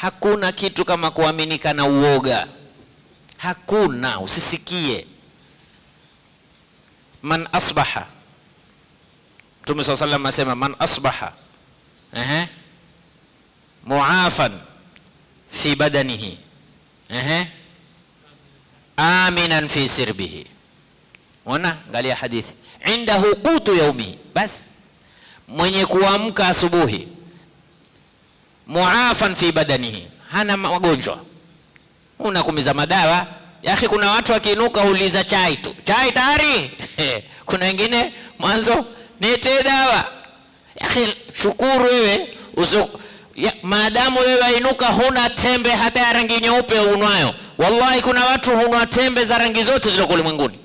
Hakuna kitu kama kuaminika na uoga, hakuna. Usisikie man asbaha, Mtume saa salam asema man asbaha ehe, muafan fi badanihi ehe, aminan fi sirbihi. Ona, angalia hadithi, indahu qutu yaumihi, basi mwenye kuamka asubuhi muafan fi badanihi, hana magonjwa. Unakumiza madawa ya akhi. Kuna watu wakiinuka uliza chai tu, chai tayari. Kuna wengine mwanzo nite dawa ya akhi, shukuru wewe uso ya, maadamu wewe wainuka huna tembe hata ya rangi nyeupe unwayo. Wallahi, kuna watu hunwa tembe za rangi zote zilizoko ulimwenguni.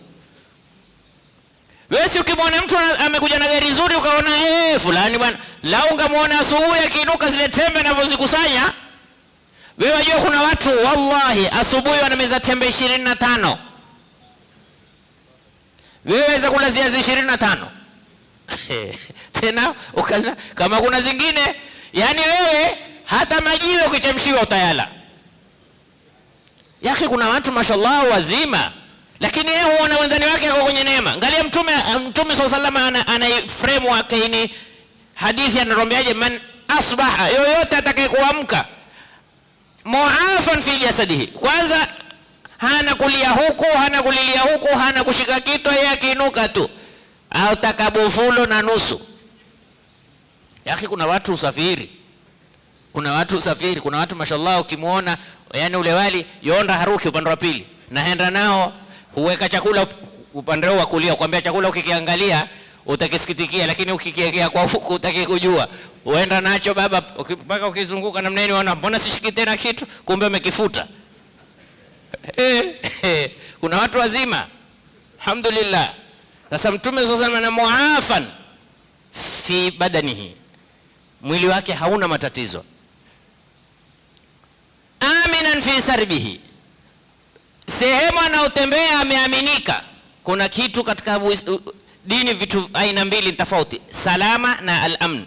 Wewe si ukimwona mtu amekuja na gari zuri ukaona eh, fulani bwana, lau ungamwona asubuhi akiinuka zile tembe anavyozikusanya wewe, wajua kuna watu wallahi asubuhi wanameza tembe 25. Wewe waweza kula ziazi 25. Tena ukala kama kuna zingine, yani wewe hata majiwe kuchemshiwa utayala. Yaki kuna watu mashallah wazima, lakini yeye huona wendani wake kwa kwenye mtume ah, mtume swalla salama ana, frame wake ni hadithi anatuambiaje, man asbaha, yoyote atakayekuamka muafan fi jasadihi, kwanza hana kulia huku hana kulilia huku hana kushika kitu, yeye akiinuka tu au takabufulo na nusu. Yaki, kuna watu usafiri, kuna watu usafiri, kuna watu mashallah, ukimwona yani ule wali yonda haruki upande wa pili, naenda nao huweka chakula upande wa kulia kwambia chakula ukikiangalia utakisikitikia, lakini ukikiekea kwa huku utaki kujua, uenda nacho baba mpaka ukizunguka namna hiyo, unaona mbona sishiki tena kitu, kumbe umekifuta. Eh, eh, kuna watu wazima, alhamdulillah. Sasa Mtume sasa alayhi muafan fi badanihi, mwili wake hauna matatizo, aminan fi sarbihi, sehemu anaotembea ameaminika kuna kitu katika dini, vitu aina mbili tofauti, salama na al-amn.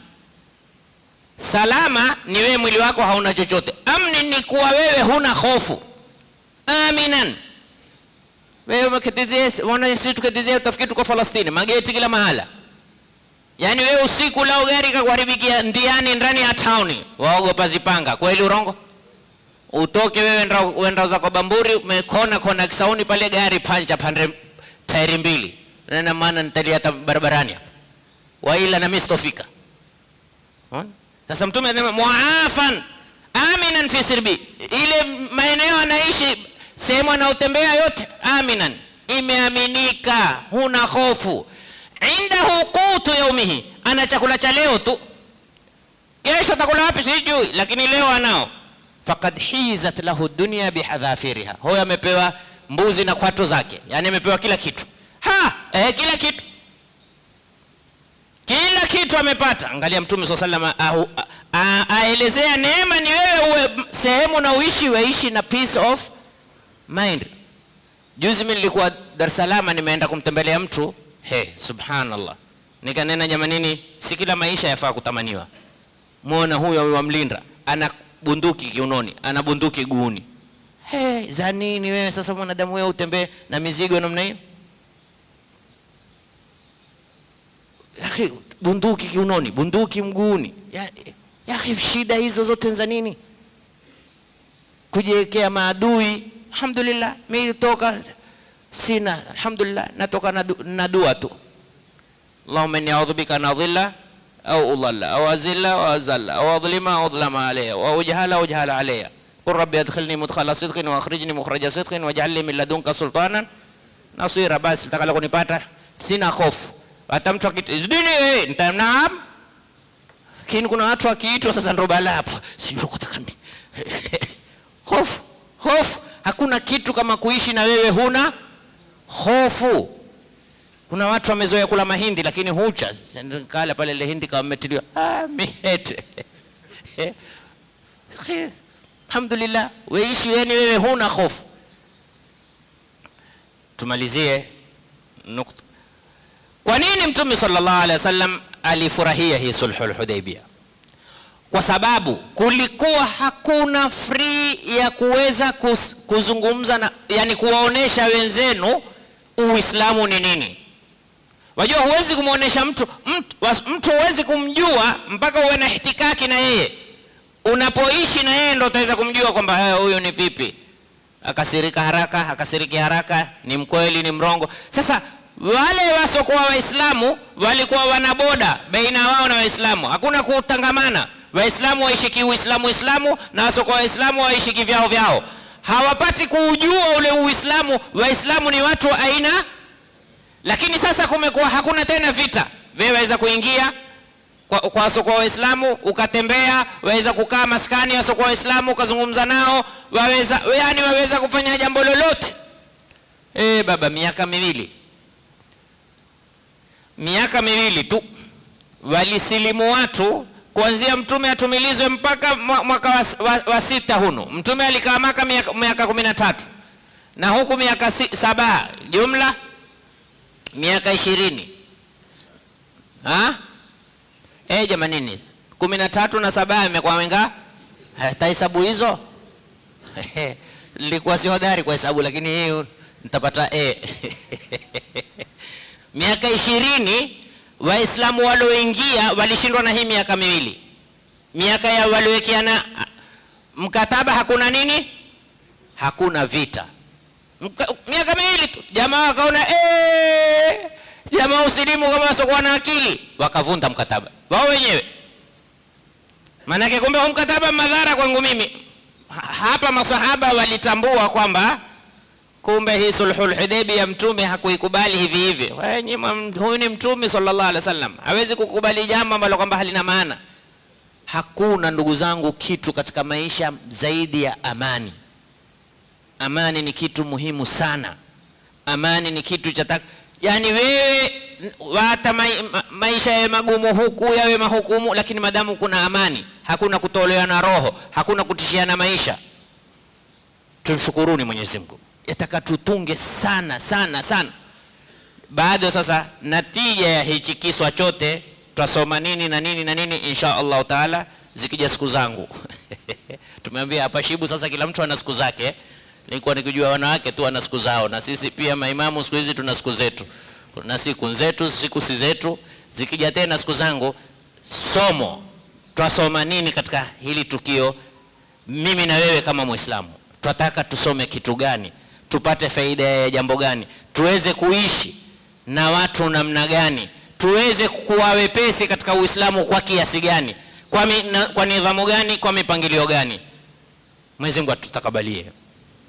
Salama ni wewe mwili wako hauna chochote, amni ni kuwa wewe huna hofu. Aminan wewe umekitizia, wana sisi tukitizia utafikiri tuko Falastini, mageti kila mahala. Yaani wewe usiku lao gari kakuharibikia ndiani ndani ya town, waogopa zipanga. Kweli urongo? Utoke wewe wenda zako Bamburi, umekona kona Kisauni pale gari pancha pande tairi mbili, na maana nitalia hata barabarani hapa, waila na mimi Sasa mtume anasema muafan aminan fi sirbi, ile maeneo anaishi sehemu anaotembea yote, aminan imeaminika, huna hofu. Indahu qutu yaumihi, ana chakula cha leo tu, kesho atakula wapi sijui, lakini leo anao. Fakad hizat lahu dunya bihadhafiriha, huyo amepewa mbuzi na kwato zake, yaani amepewa kila kitu ha, eh, kila kitu kila kitu amepata. Angalia Mtume sallallahu alaihi wasallam aelezea neema ni wewe uwe sehemu na uishi weishi na peace of mind. Juzi mimi nilikuwa Dar es Salaam, nimeenda kumtembelea mtu he, subhanallah, nikanena jamanini, si kila maisha yafaa kutamaniwa. Muona huyo wa Mlinda ana bunduki kiunoni, ana bunduki guuni Hey, za nini wewe sasa mwanadamu wewe utembee na mizigo namna hiyo? Akhi, bunduki kiunoni, bunduki mguuni. Ya, ya shida hizo zote za nini? Kujiwekea maadui. Alhamdulillah, mimi toka sina, alhamdulillah, natoka na dua tu. Allahumma inni a'udhu bika min adhilla au udhalla au azilla au azalla au adlima au adlama alayya wa ujhala ujhala alayya قل ربي أدخلني مدخل صدق وأخرجني مخرج صدق واجعل لي من لدنك سلطانا naswira basi takala kunipata sina hofu hata mtu akiizdini hey, eh, nitamnaam lakini kuna watu akiitwa sasa ndo balaa hapo sijui kutakani hofu hofu hakuna kitu kama kuishi na wewe huna hofu kuna watu wamezoea kula mahindi lakini hucha kala pale ile hindi kama mmetiliwa ah, mihete eh. Alhamdulillah, weishi yani wewe huna hofu. Tumalizie nukta. Kwa nini Mtume sallallahu alaihi wasallam alifurahia hii sulhul Hudaybiyah? Kwa sababu kulikuwa hakuna free ya kuweza kuzungumza na, yani kuwaonesha wenzenu Uislamu ni nini. Wajua huwezi kumwonesha mtu mtu, huwezi kumjua mpaka uwe na ihtikaki na yeye Unapoishi na yeye ndo utaweza kumjua kwamba eh, huyu ni vipi, akasirika haraka, akasiriki haraka, ni mkweli, ni mrongo. Sasa wale wasokuwa Waislamu walikuwa wanaboda baina wao na Waislamu, hakuna kutangamana. Waislamu waishi kiuislamu Uislamu na wasokuwa Waislamu waishi kivyao vyao, hawapati kuujua ule Uislamu. Waislamu ni watu aina, lakini sasa kumekuwa hakuna tena vita, wewe waweza kuingia kwa, kwa wasiokuwa Waislamu ukatembea, waweza kukaa maskani wasiokuwa Waislamu ukazungumza nao, waweza yani waweza kufanya jambo lolote. E, baba, miaka miwili miaka miwili tu walisilimu watu kuanzia mtume atumilizwe mpaka mwaka wa, wa, wa sita huno mtume alikaa Maka miaka kumi na tatu na huku miaka si, saba jumla miaka ishirini ha? Eh, jamanini kumi na tatu na saba imekuwa wenga eh, tahesabu hizo nilikuwa si hodari kwa hesabu, lakini hii nitapata eh. miaka ishirini Waislamu walioingia walishindwa na hii miaka miwili, miaka ya waliowekeana mkataba hakuna nini, hakuna vita Mka, miaka miwili tu jamaa wakaona eh, jamaa usilimu kama wasokuwa na akili, wakavunda mkataba wao wenyewe. Maanake kumbe huu mkataba madhara kwangu mimi. Hapa masahaba walitambua kwamba kumbe hii sulhul ya mtume hakuikubali hivi hivi. Huyu ni mtume sallallahu alaihi wasallam, hawezi kukubali jambo ambalo kwamba halina maana. Hakuna ndugu zangu kitu katika maisha zaidi ya amani. Amani ni kitu muhimu sana. Amani ni kitu cha yani wewe wata ma, maisha yawe magumu huku yawe mahukumu, lakini madamu kuna amani, hakuna kutolewa na roho, hakuna kutishiana maisha. Tumshukuruni Mwenyezi yataka tutunge sana sana sana. Bado sasa, natija ya hichi kiswa chote twasoma nini na nini na nini, insha Allah taala, zikija siku zangu tumeambia hapa Shibu, sasa kila mtu ana siku zake. Nilikuwa nikijua wanawake tu ana siku zao, na sisi pia maimamu siku hizi tuna siku zetu na siku nzetu siku si zetu, zikija tena siku zangu, somo twasoma nini katika hili tukio? Mimi na wewe kama Muislamu twataka tusome kitu gani? Tupate faida ya jambo gani? Tuweze kuishi na watu namna gani? Tuweze kuwa wepesi katika Uislamu kwa kiasi gani? Kwa, kwa nidhamu gani? Kwa mipangilio gani? Mwenyezi Mungu atutakabalie.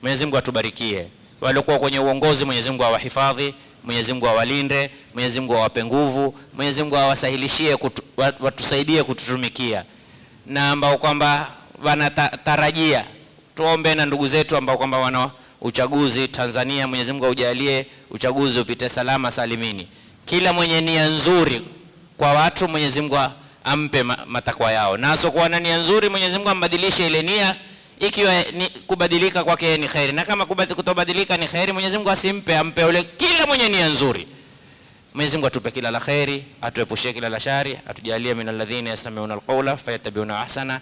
Mwenyezi Mungu atubarikie waliokuwa kwenye uongozi, Mwenyezi Mungu awahifadhi, Mwenyezi Mungu awalinde, Mwenyezi Mungu awape nguvu, Mwenyezi Mungu awasahilishie, watusaidie kututumikia, na ambao kwamba wanatarajia. Tuombe na ndugu zetu ambao kwamba wana uchaguzi Tanzania, Mwenyezi Mungu aujalie uchaguzi upite salama salimini. Kila mwenye nia nzuri kwa watu, Mwenyezi Mungu ampe matakwa yao, na asokuwa na nia nzuri, Mwenyezi Mungu ambadilishe ile nia ikiwa ni kubadilika kwake ni khairi, na kama kutobadilika ni khairi, Mwenyezi Mungu asimpe, ampe ule kila mwenye nia nzuri. Mwenyezi Mungu atupe kila la khairi, atuepushie kila la shari, atujalie min alladhina yastami'una alqawla fayattabi'una ahsana.